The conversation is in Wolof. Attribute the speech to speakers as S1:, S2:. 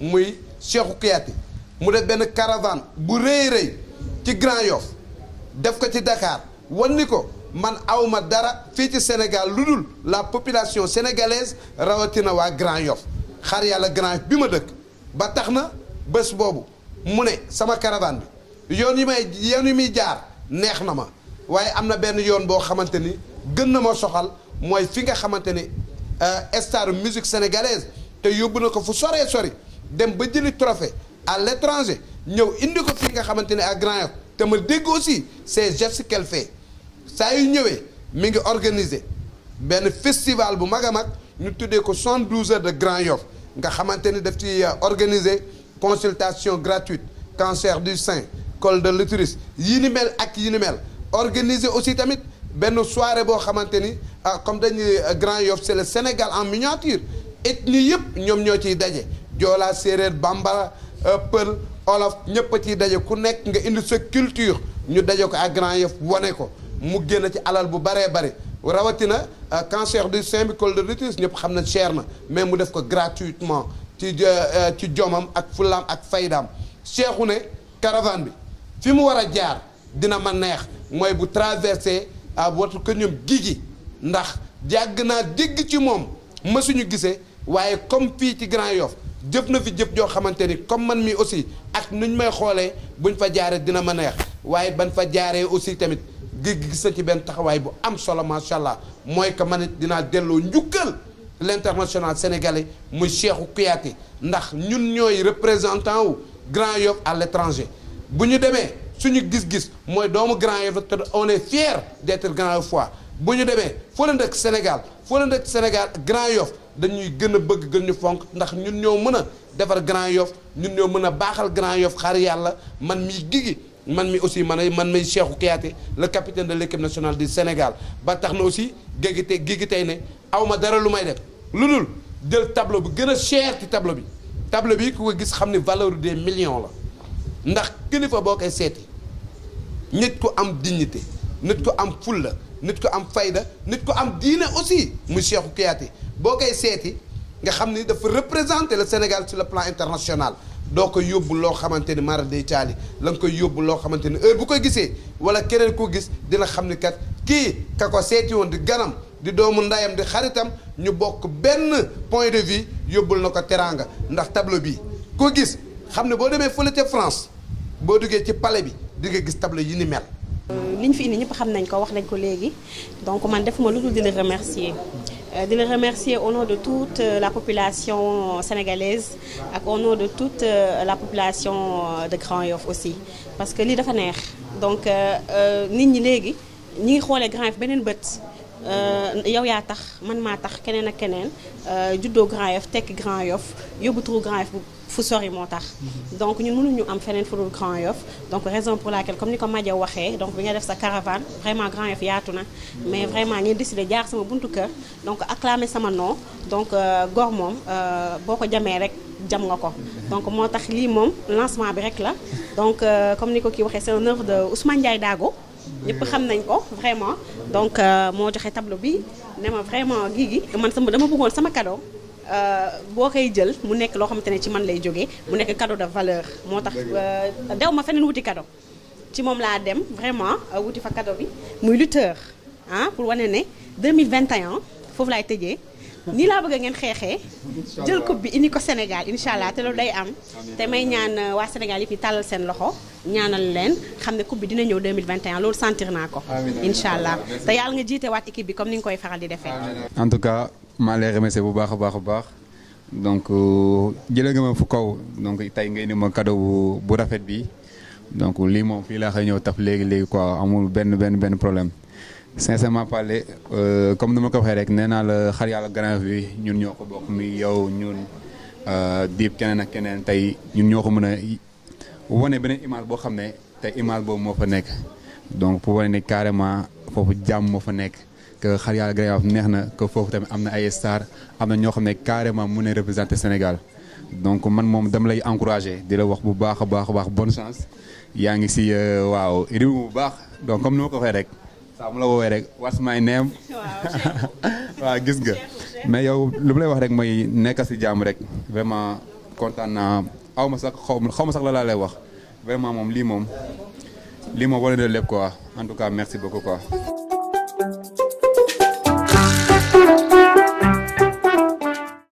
S1: muy Cheikhou Kouyaté mu def benn caravane bu rëy rëy ci Grand Yoff def ko ci Dakar wan ni ko man awma dara fii ci Sénégal lu dul la population sénégalaise rawatina waa Grand Yoff xar yàlla Grand Yoff bi ma dëkk ba tax na bés boobu mu ne sama caravane bi yoon yi may yoon yi muy jaar neex na ma waaye am na benn yoon boo xamante ni gën na ma soxal mooy fi nga xamante ni euh, star musique sénégalaise te yóbbu na ko fu soree sori dem ba jëli trophée à l'étranger ñëw indi ko fi nga xamante ne à Grand Yoff te ma dégg aussi ces gestes qu'elle fait saa yu ñëwee mi ngi organiser benn festival bu mag a mag ñu tuddee ko 72 heures de Grand Yoff nga xamante ni daf ci euh, organiser consultation gratuite cancer du sein col de l'utérus yi ni ak yi ni aussi tamit benn soirée boo xamante ni ah, comme dañuy euh, Grand Yoff c'est Sénégal en miniature ethnie yëpp ñoom ñoo ciy daje Joola séeréer bambara euh, pël olof ñëpp ciy daje ku nekk nga indi sa culture ñu daje ko ak Grand Yoff wane ko mu génn ci alal bu baree bari rawatina euh, cancer du sein bi col de l'utérus ñëpp xam na cher na mais mu def ko gratuitement ci ci jomam ak fulaam ak faydaam seexu ne caravane bi fi mu war a jaar dina ma neex mooy bu traversé à votre que ñoom Guigui ndax jàgg naa dégg ci moom mësuñu gisee waaye comme fii ci Grand Yoff jëf na fi jëf joo xamante ni comme man mi aussi ak nuñ may xoolee buñ fa jaaree dina ma neex waaye ban fa jaaree aussi tamit Guigui gis na ci benn taxawaay bu am solo macha allah mooy que man it dinaa delloo njukkal l'international sénégali muy Cheikhou Kouyaté ndax ñun ñooy représentant wu Grand Yoff à l'étranger bu ñu demee suñu gis-gis mooy doomu Grand Yoff te on est fier d' être Grand Yoffois bu ñu demee foo leen dëkk Sénégal foo leen dëkk Sénégal Grand Yoff dañuy gën a bëgg gën ñu fonk ndax ñun ñoo mën a defar Grand Yoff ñun ñoo mën a baaxal Grand Yoff xaar yàlla man mii gigi man mi aussi man man mi Cheikhou Kouyaté le capitaine de l' équipe nationale du Sénégal ba tax na aussi géegi tey géegi tey ne aw ma dara lu may def lu dul jël tableau bi gën a cher ci tableau bi tableau bi ku ko gis xam ni valeur de million la ndax kilifa boo koy seeti nit ku am dignité nit ku am fulla nit ku am fayda nit ku am diine aussi muy Cheikhou Kouyaté boo koy seeti nga xam ni dafa représenter la Sénégal ci le plan international doo ko yóbbu loo xamante ni mara day caali la nga koy yóbbu loo xamante ni heure bu ko gisee wala keneen ko gis dina xam ni kat kii ka ko seeti woon di ganam di doomu ndeyam di xaritam ñu bokk benn point de vue yóbbul na ko teraanga ndax tableau bi ko gis xam ne boo demee fële ca France boo duggee ci palais bi di nga gis table yi ni mel.
S2: li ñu fi indi ñëpp xam nañ ko wax nañ ko léegi donc man defuma lu dul di la remercier euh, di la remercier au nom de tout euh, la population sénégalaise ak au nom de toute euh, la population de Grand Yoff aussi parce que lii dafa neex donc nit ñi léegi ñi ngi xoolee Grand Yoff beneen bët. Euh, yow yaa tax man maa tax keneen ak keneen euh, juddoo Grand Yoff tekki Grand Yoff yóbbu turu Grand Yoff fu sori moo tax donc ñun mënuñu am feneen fu dul Grand Yoff donc raison pour laquelle comme ni ko Madia waxee donc bi nga def sa caravane vraiment Grand Yoff yaatu na mais vraiment ngeen décidé jaar sama buntu kër donc acclamé sama nom donc euh, gor moom boo ko jamee rek jam nga ko donc moo tax lii moom lancement bi rek la donc comme ni ko kii waxee c'est un de Ousmane Ndiaye Dago ñëpp xam nañ ko vraiment donc euh, moo joxe tableau bi ne ma vraiment Guigui man sama dama bëggoon sama cadeau euh, boo koy jël mu nekk loo xamante ne ci man lay jógee mu nekk cadeau de valeur moo tax euh, dew ma feneen wuti cadeau ci moom laa dem vraiment wuti fa cadeau bi muy lutteur ah pour wane ne an foofu laay tëjee ni laa bëgg ngeen xeexee jël coupe bi indi ko Sénégal incha allah te loolu day am te may ñaan euh, waa Sénégal yi ñu tàllal seen loxo ñaanal leen xam ne coupe bi dina ñëw 2021 loolu sentir naa ko incha allah te yàlla nga jiite waat équipe bi comme ni nga koy faral di defee
S3: en tout cas maa lay bu baax a baax a baax donc euh, jëlee nga fu kaw donc tey nga indi ma cadeau bu rafet bi donc lii moom fii laa xëy ñëw taf léegi léegi quoi amul benn benn benn problème sincèrement parler euh, comme nu ma ko waxee rek nee naa la xar yàlla grand bi ñun ñoo ko bokk mi yow ñun euh, diib keneen ak keneen tey ñun ñoo ko mën a wane beneen image boo xam ne te image boobu moo fa nekk donc pour wane ni carrément foofu jàmm moo fa nekk que xar yàlla grand neex na que foofu tamit am na ay star am na ñoo xam ne carrément mën ne représenter Sénégal donc man moom dama lay encourager di la wax bu baax a baax a baax bonne chance yaa ngi si euh, waaw réew bu baax donc comme nu ma rek. saa mu la woowee rek what's my name waaw gis nga mais yow lu mu lay wax rek mooy nekk si jàmm rek vraiment kontaan aw ma sax xaw ma xaw ma sax la laa lay wax vraiment moom lii moom lii moom wala na lépp quoi en tout cas merci beaucoup quoi